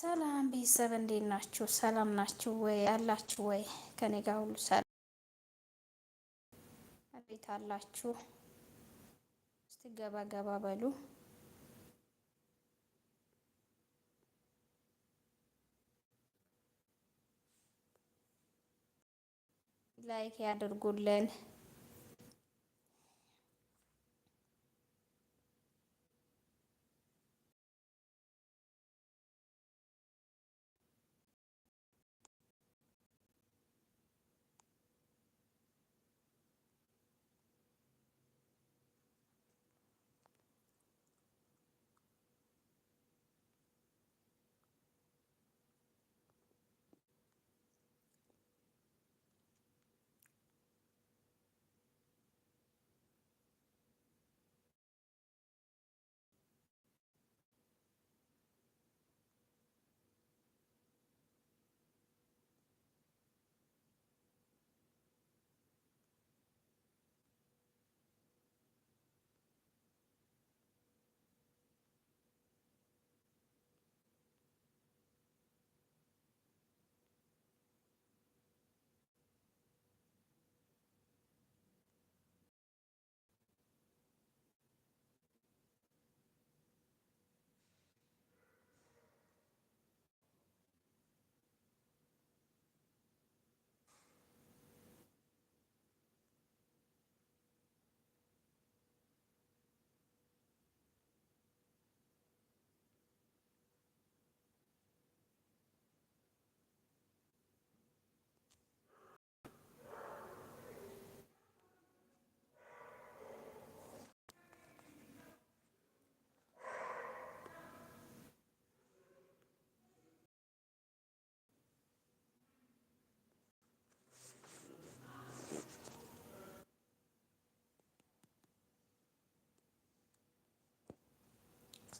ሰላም ቤተሰብ እንዴት ናችሁ? ሰላም ናችሁ ወይ? አላችሁ ወይ? ከኔ ጋር ሁሉ ሰላም። እንዴት አላችሁ? እስቲ ገባ ገባ በሉ። ላይክ ያድርጉልን።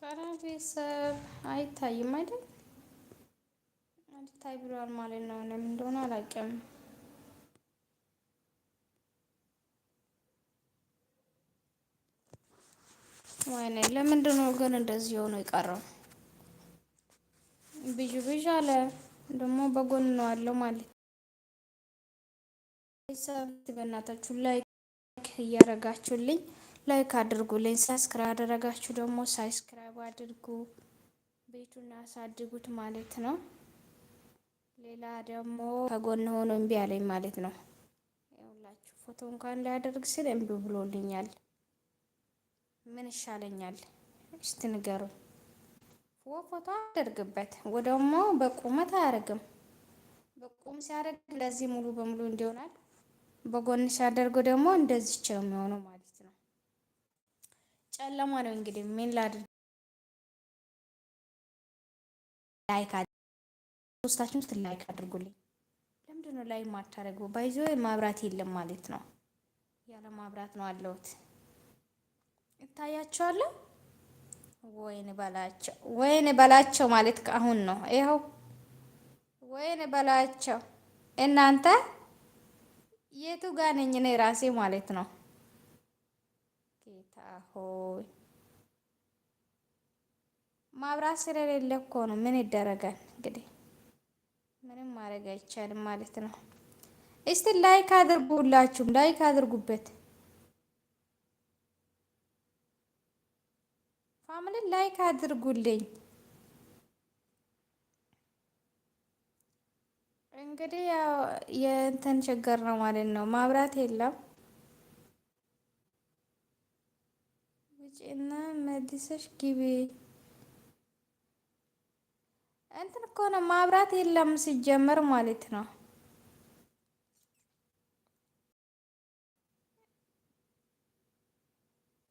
ሰላም ቤተሰብ አይታይም አይደል? እንድታይ ብሏል ማለት ነው። ለምን እንደሆነ አላውቅም። ወይኔ ለምንድን ነው ግን እንደዚህ ሆኖ የቀረው? ብዥ ብዥ አለ። ደግሞ በጎን ነው አለው ማለት ቤተሰብ በእናታችሁ ላይ እያረጋችሁልኝ ላይክ አድርጉልኝ። ሳብስክራይብ አደረጋችሁ ደግሞ ሳብስክራይብ አድርጉ፣ ቤቱን አሳድጉት ማለት ነው። ሌላ ደግሞ ከጎን ሆኖ እምቢ አለኝ ማለት ነው። ይኸውላችሁ ፎቶ እንኳን ሊያደርግ ስል እምቢ ብሎልኛል። ምን ይሻለኛል እስቲ ንገሩ። ፎቶ አደርግበት ወደሞ በቁመት አያደርግም። በቁም ሲያደርግ ለዚህ ሙሉ በሙሉ እንዲሆናል። በጎን ሲያደርገው ደግሞ እንደዚች ነው የሚሆነው ማለት ጨለማ ነው እንግዲህ ምን ላድርግ። ላይክ አድርጉ። ሶስታችን ውስጥ ላይክ አድርጉልኝ። ለምንድን ነው ላይክ ማታደረጉ? ባይዞ ማብራት የለም ማለት ነው። ያለ ማብራት ነው አለሁት። ይታያቸዋል። ወይን በላቸው፣ ወይን በላቸው ማለት አሁን ነው። ይኸው ወይን በላቸው። እናንተ የቱ ጋር ነኝ እኔ ራሴ ማለት ነው። ጌታ ሆይ ማብራት ስለሌለ እኮ ነው። ምን ይደረጋል እንግዲህ ምንም ማድረግ አይቻልም ማለት ነው። እስቲ ላይክ አድርጉ፣ ላይክ አድርጉበት። ፋሚሊ ላይክ አድርጉልኝ። እንግዲህ ያው የእንትን ችግር ነው ማለት ነው። ማብራት የለም ውጪና መድሰሽ ግቢ። እንትን እኮ ነው ማብራት የለም ሲጀመር ማለት ነው።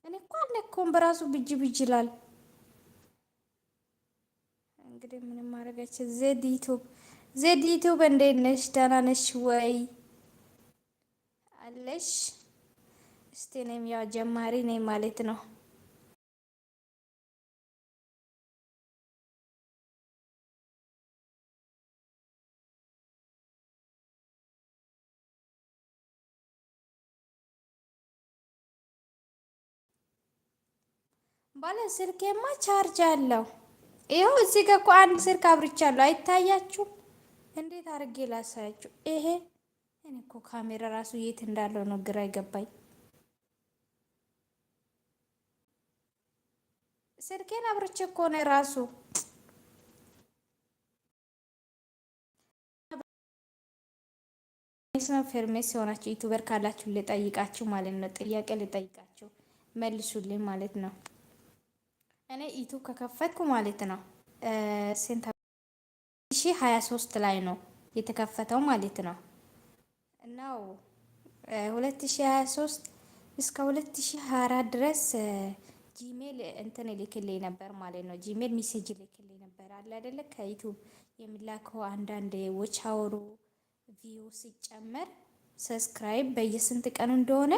እኔ እኮ አልነካውም በራሱ ብጅ ብጅ ይላል። እንግዲህ ምንም ማድረጋችን። ዜድ ዩቱብ ዜድ ዩቱብ እንዴት ነሽ? ደህና ነሽ ወይ አለሽ? እስቲ እኔም ያው ጀማሪ ነኝ ማለት ነው። ባለ ስልኬማ ቻርጅ አለው። ይኸው እዚህ ጋር እኮ አንድ ስልክ አብርቻለሁ። አይታያችሁም? እንዴት አድርጌ ላሳያችሁ? ይሄ እኔ እኮ ካሜራ ራሱ የት እንዳለው ነው ግራ ይገባኝ። ስልኬን አብርቼ እኮ ነው ራሱ ስነ ፌርሜስ የሆናችሁ ዩቱበር ካላችሁ ልጠይቃችሁ ማለት ነው። ጥያቄ ልጠይቃችሁ መልሱልኝ ማለት ነው። እኔ ኢቱ ከከፈትኩ ማለት ነው ስንት ሺ ሀያ ሶስት ላይ ነው የተከፈተው ማለት ነው እና ሁለት ሺ ሀያ ሶስት እስከ ሁለት ሺ ሀያ አራት ድረስ ጂሜል እንትን ልክልኝ ነበር ማለት ነው። ጂሜል ሚሴጅ ልክልኝ ነበር አለ አይደለ ከዩቱብ የሚላከው አንዳንድ ዎች አወሩ ሲጨመር ሰብስክራይብ በየስንት ቀኑ እንደሆነ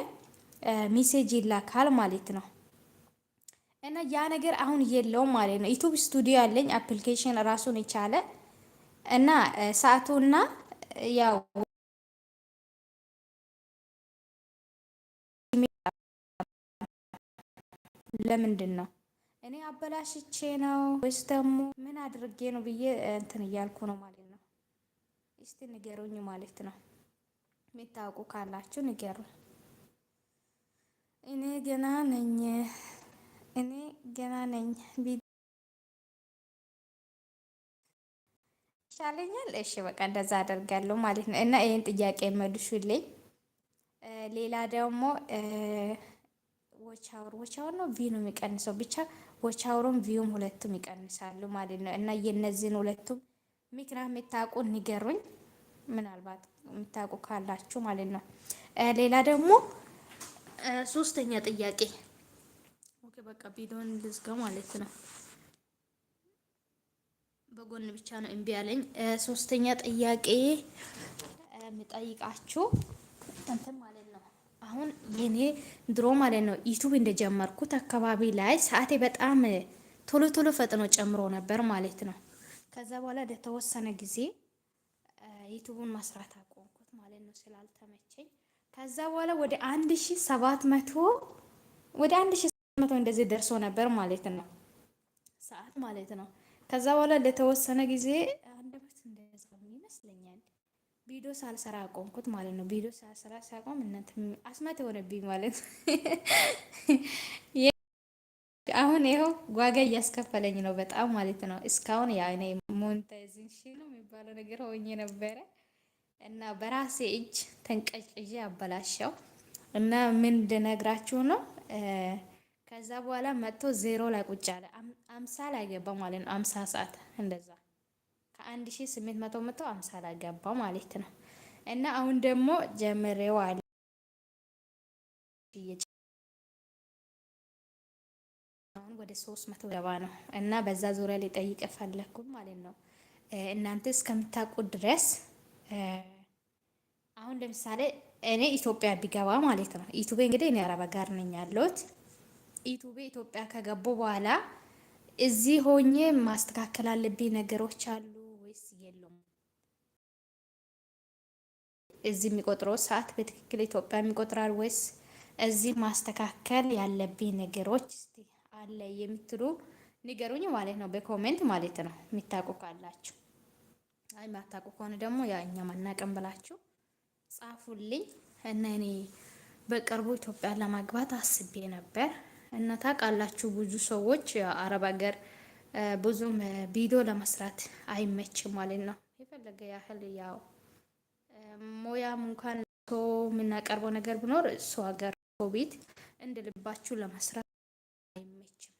ሚሴጅ ይላካል ማለት ነው። እና ያ ነገር አሁን የለውም ማለት ነው። ዩቱብ ስቱዲዮ ያለኝ አፕሊኬሽን ራሱን የቻለ እና ሰዓቱና ያው ለምንድን ነው እኔ አበላሽቼ ነው ወይስ ደግሞ ምን አድርጌ ነው ብዬ እንትን እያልኩ ነው ማለት ነው። እስቲ ንገሩኝ ማለት ነው። የሚታወቁ ካላችሁ ንገሩ። እኔ ገና ነኝ። እኔ ገና ነኝ። ይሻለኛል። እሺ በቃ እንደዛ አደርጋለሁ ማለት ነው። እና ይህን ጥያቄ መልሱልኝ። ሌላ ደግሞ ወቻውር ወቻውር ነው ቪ ነው የሚቀንሰው። ብቻ ወቻውሩም ቪውም ሁለቱም ይቀንሳሉ ማለት ነው። እና የነዚህን ሁለቱም ሚክራ የምታውቁ ንገሩኝ፣ ምናልባት የምታውቁ ካላችሁ ማለት ነው። ሌላ ደግሞ ሶስተኛ ጥያቄ በቃ ቪዲዮን ልዝጋ ማለት ነው። በጎን ብቻ ነው እምቢ ያለኝ። ሶስተኛ ጥያቄ የምጠይቃችሁ እንትን ማለት ነው። አሁን የኔ ድሮ ማለት ነው ዩቱብ እንደጀመርኩት አካባቢ ላይ ሰዓቴ በጣም ቶሎ ቶሎ ፈጥኖ ጨምሮ ነበር ማለት ነው። ከዛ በኋላ ለተወሰነ ጊዜ ዩቱቡን መስራት አቆምኩት ማለት ነው ስላልተመቸኝ። ከዛ በኋላ ወደ አንድ ሺ ሰባት መቶ ወደ አንድ ሺ መቶ እንደዚህ ደርሶ ነበር ማለት ነው ሰዓት ማለት ነው። ከዛ በኋላ ለተወሰነ ጊዜ አንድ አመት እንደዛ ይመስለኛል ቪዲዮ ሳልሰራ አቆምኩት ማለት ነው። ቪዲዮ ሳልሰራ ሳቆም እናንተ አስማት የሆነብኝ ማለት ነው። አሁን ይኸው ጓጋ እያስከፈለኝ ነው በጣም ማለት ነው። እስካሁን ያ እኔ ሞንታይዜሽን የሚባለው ነገር ሆኜ ነበረ እና በራሴ እጅ ተንቀጭዬ አበላሸው እና ምን ልነግራችሁ ነው ከዛ በኋላ መጥቶ ዜሮ ላይ ቁጭ አለ። አምሳ ላይ ገባ ማለት ነው። አምሳ ሰዓት እንደዛ ከአንድ ሺ ስምንት መቶ መጥቶ አምሳ ላይ ገባ ማለት ነው። እና አሁን ደግሞ ጀምሬው አለ አሁን ወደ ሶስት መቶ ገባ ነው። እና በዛ ዙሪያ ሊጠይቅ ፈለግኩ ማለት ነው። እናንተ እስከምታውቁ ድረስ አሁን ለምሳሌ እኔ ኢትዮጵያ ቢገባ ማለት ነው። ኢትዮጵያ እንግዲህ እኔ አረብ ሀገር ነኝ ያለሁት ኢቱቤ ኢትዮጵያ ከገቡ በኋላ እዚህ ሆኜ ማስተካከል አለብኝ ነገሮች አሉ ወይስ የለም? እዚህ የሚቆጥረው ሰዓት በትክክል ኢትዮጵያ የሚቆጥራል ወይስ እዚህ ማስተካከል ያለብኝ ነገሮች አለ የምትሉ ንገሩኝ ማለት ነው፣ በኮሜንት ማለት ነው። የሚታቁ ካላችሁ አይ ማታቁ ከሆነ ደግሞ ያ እኛ ማናቀም ብላችሁ ጻፉልኝ እና እኔ በቅርቡ ኢትዮጵያን ለማግባት አስቤ ነበር። እና ታውቃላችሁ ብዙ ሰዎች አረብ ሀገር ብዙም ቪዲዮ ለመስራት አይመችም ማለት ነው። የፈለገ ያህል ያው ሞያም እንኳን ሰው የምናቀርበው ነገር ቢኖር እሱ ሀገር ኮቪድ እንደ ልባችሁ ለመስራት አይመችም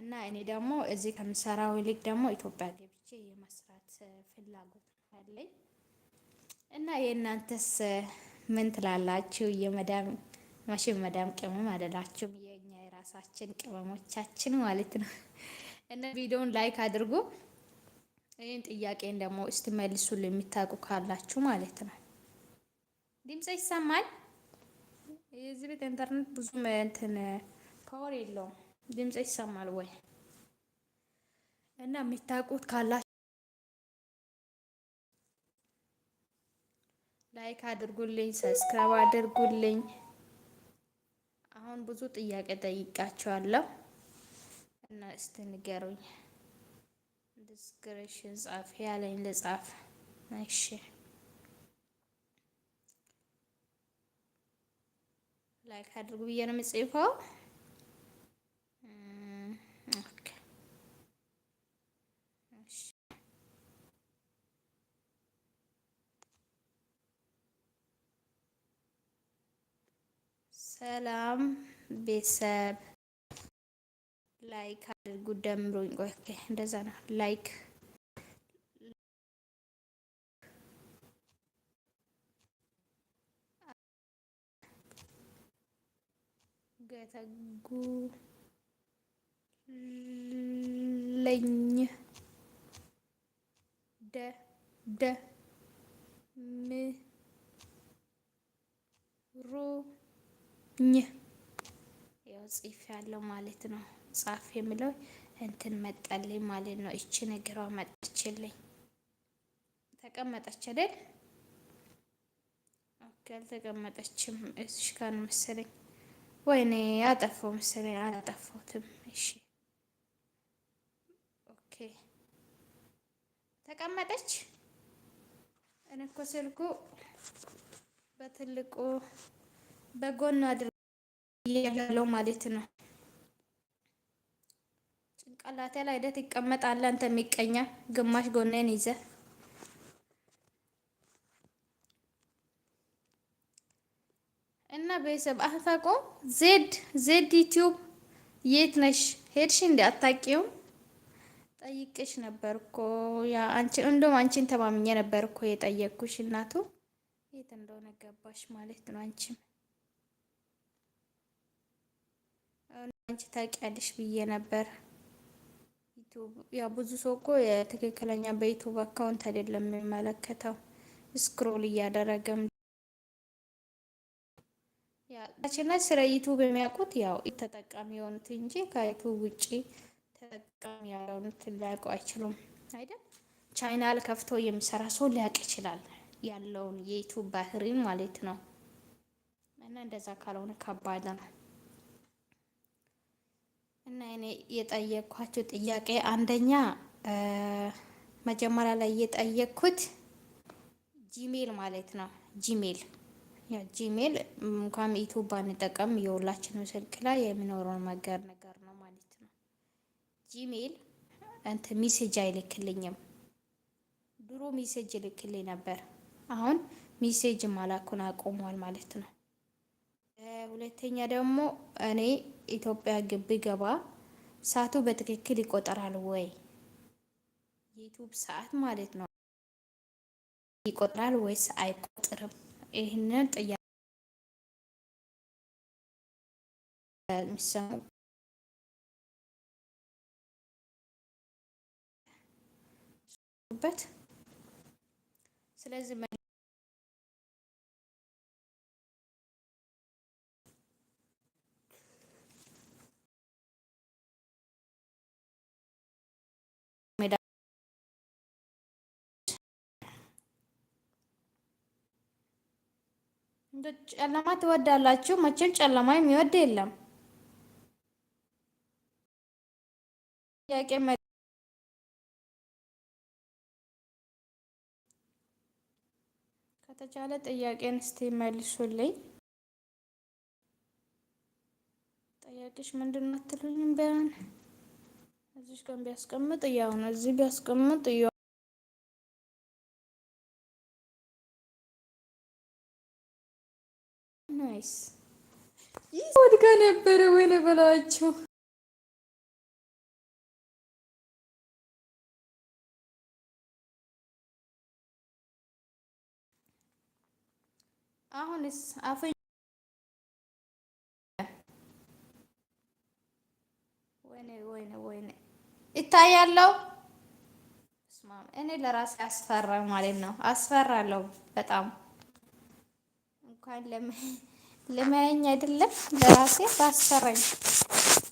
እና እኔ ደግሞ እዚህ ከምሰራው ይልቅ ደግሞ ኢትዮጵያ ገብቼ የመስራት ፍላጎት አለኝ እና የእናንተስ ምን ትላላችሁ? የመዳም ማሽን መዳም ቅመም አደላችሁ ለራሳችን ቅመሞቻችን ማለት ነው። እና ቪዲዮውን ላይክ አድርጉ። ይህን ጥያቄን ደግሞ መልሱል የሚታውቁ ካላችሁ ማለት ነው። ድምፅ ይሰማል። የዚህ ቤት ኢንተርኔት ብዙ እንትን ፓወር የለውም። ድምፅ ይሰማል ወይ? እና የሚታውቁት ካላችሁ ላይክ አድርጉልኝ፣ ሰብስክራይብ አድርጉልኝ። አሁን ብዙ ጥያቄ ጠይቃቸዋለሁ እና እስቲ ንገሩኝ። ዲስክሪፕሽን ጻፍ ያለኝ ልጻፍ። እሺ ላይክ አድርጉ ብዬ ነው የምጽፈው። ሰላም ቤተሰብ ላይክ አድርጉ ደምሮኝ። ኦኬ እንደዛ ነው። ላይክ ገተጉ ለኝ ደ ደ ም ሩ ኝ ያው ጽፍ ያለው ማለት ነው። ጻፍ የሚለው እንትን መጣልኝ ማለት ነው። እቺ ነገሯ መጥችልኝ ተቀመጠች አይደል? ኦኬ አልተቀመጠችም። እሺ ካን መሰለኝ ወይኔ አጠፋው መሰለኝ አላጠፋሁትም። እሺ ኦኬ ተቀመጠች። እኔ እኮ ስልኩ በትልቁ በጎን አድርገ እያለው ማለት ነው። ጭንቅላቴ ላይ ሂደት ይቀመጣል። አንተ የሚቀኛ ግማሽ ጎነን ይዘ እና ቤተሰብ አታቆ ዜድ ዜድ ዩቲዩብ የት ነሽ ሄድሽ? እንደ አታቂውም ጠይቅሽ ነበር እኮ ያ አንቺ እንደውም አንቺን ተማምኜ ነበር የጠየቅኩሽ። እናቱ የት እንደሆነ ገባሽ ማለት ነው አንቺም አንቺ ታውቂያለሽ ብዬ ነበር። ያ ብዙ ሰው እኮ የትክክለኛ በዩቱብ አካውንት አይደለም የሚመለከተው ስክሮል እያደረገም ታችና ስለ ዩቱብ የሚያውቁት ያው ተጠቃሚ የሆኑት እንጂ ከዩቱብ ውጭ ተጠቃሚ ያልሆኑት ሊያውቁ አይችሉም አይደል? ቻይናል ከፍቶ የሚሰራ ሰው ሊያውቅ ይችላል ያለውን የዩቱብ ባህሪን ማለት ነው። እና እንደዛ ካልሆነ ከባድ ነው። እና እኔ የጠየቅኳችሁ ጥያቄ አንደኛ መጀመሪያ ላይ የጠየቅኩት ጂሜል ማለት ነው። ጂሜል ጂሜል እንኳን ዩቱብ ባንጠቀም የሁላችንም ስልክ ላይ የሚኖረውን መገር ነገር ነው ማለት ነው። ጂሜል እንት ሚሴጅ አይልክልኝም። ድሮ ሚሴጅ ይልክልኝ ነበር። አሁን ሚሴጅ ማላኩን አቆሟል ማለት ነው። ሁለተኛ ደግሞ እኔ ኢትዮጵያ ግቢ ገባ ሰዓቱ በትክክል ይቆጠራል ወይ? የዩቱብ ሰዓት ማለት ነው ይቆጥራል ወይስ አይቆጥርም? ይህንን ጥያቄ የሚሰሙ በት ስለዚህ እንደ ጨለማ ትወዳላችሁ? መቼም ጨለማ የሚወድ የለም። ከተቻለ ጥያቄን እስቲ መልሱልኝ። ጥያቄሽ ምንድን ነው አትሉኝም? ቢያን እዚህ ቀን ቢያስቀምጥ ያው ነው እዚህ ቢያስቀምጥ ናይስ ወድቃ ነበረ ወይ በላቸው። አሁንስ አፈ ወይኔ ወይኔ ወይኔ ይታያለው። እኔ ለራሴ አስፈራ ማለት ነው። አስፈራለሁ በጣም እንኳን ለምን ልመያኝ አይደለም ለራሴ ባሰረኝ።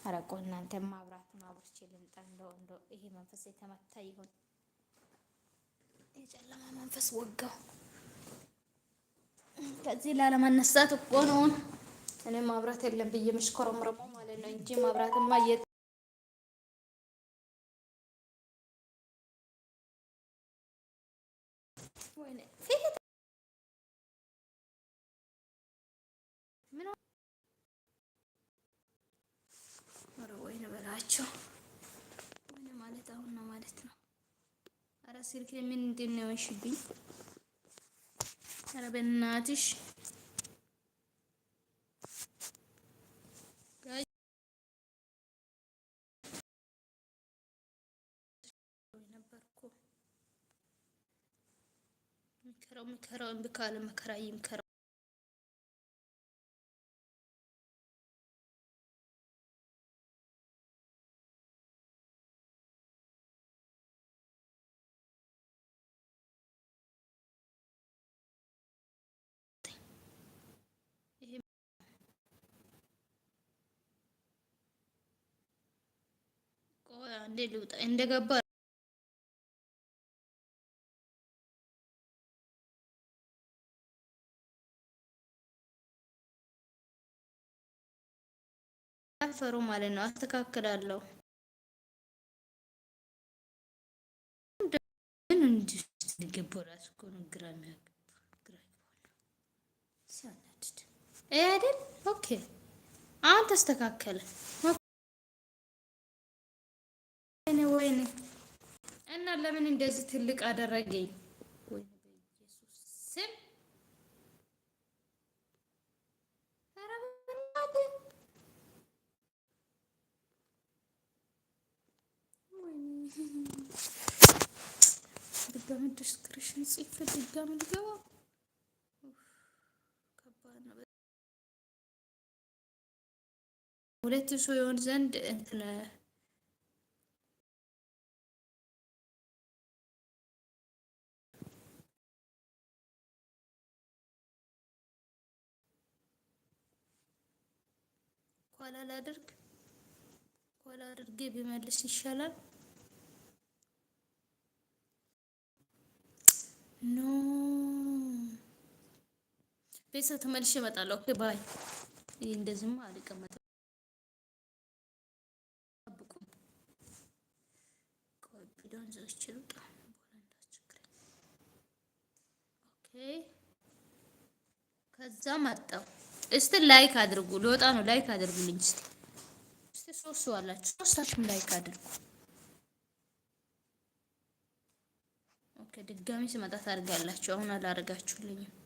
አረቆ እናንተ ማብራት ማብርቼ ልምጣ። እንደው እንደው ይሄ መንፈስ የተመታ ይሆን? የጨለማ መንፈስ ወጋው። ከዚህ ላለማነሳት እኮ ነው እኔ ማብራት የለም ብዬ ምሽኮረምረሞ ማለት ነው እንጂ ማብራትማ ምን ኧረ ወይን በላቸው ወይን ማለት አሁን ነው ማለት ነው። ኧረ ስልክ እንዴት ነው የሆንሽብኝ? ኧረ በእናትሽ ምከራው ምከራው እምቢ ካለ መከራ ይምከራው። አንዴ ልውጣ እንደገባ ፈሩ ማለት ነው። አስተካክላለሁ ግን እንዲህ ሊገባው አይደል? ኦኬ አሁን ተስተካከለ። ወይኔ ወይኔ! እና ለምን እንደዚህ ትልቅ አደረገኝ? ወይኔ በኢየሱስ ስም! ድጋሚ ጽፍ ድጋሚ ልገባ ከባድ ነው። ሁለት ሰው ዘንድ እንትን ኋላ ላድርግ ኋላ አድርጌ ቢመልስ ይሻላል። ኖ ቤተሰብ ተመልሼ እመጣለሁ። ኦኬ ባይ። ይሄ እንደዚህማ አልቀመጥም። ጠብቁኝ። ቆይ ዘች ልውጣ ኦኬ ከዛ መጣሁ። እስቲ ላይክ አድርጉ። ልወጣ ነው። ላይክ አድርጉልኝ እስቲ እስቲ ሶስት አላችሁ። ሶስታችሁም ላይክ አድርጉ። ኦኬ ድጋሚ ስመጣ ታደርጋላችሁ። አሁን አላደርጋችሁልኝም።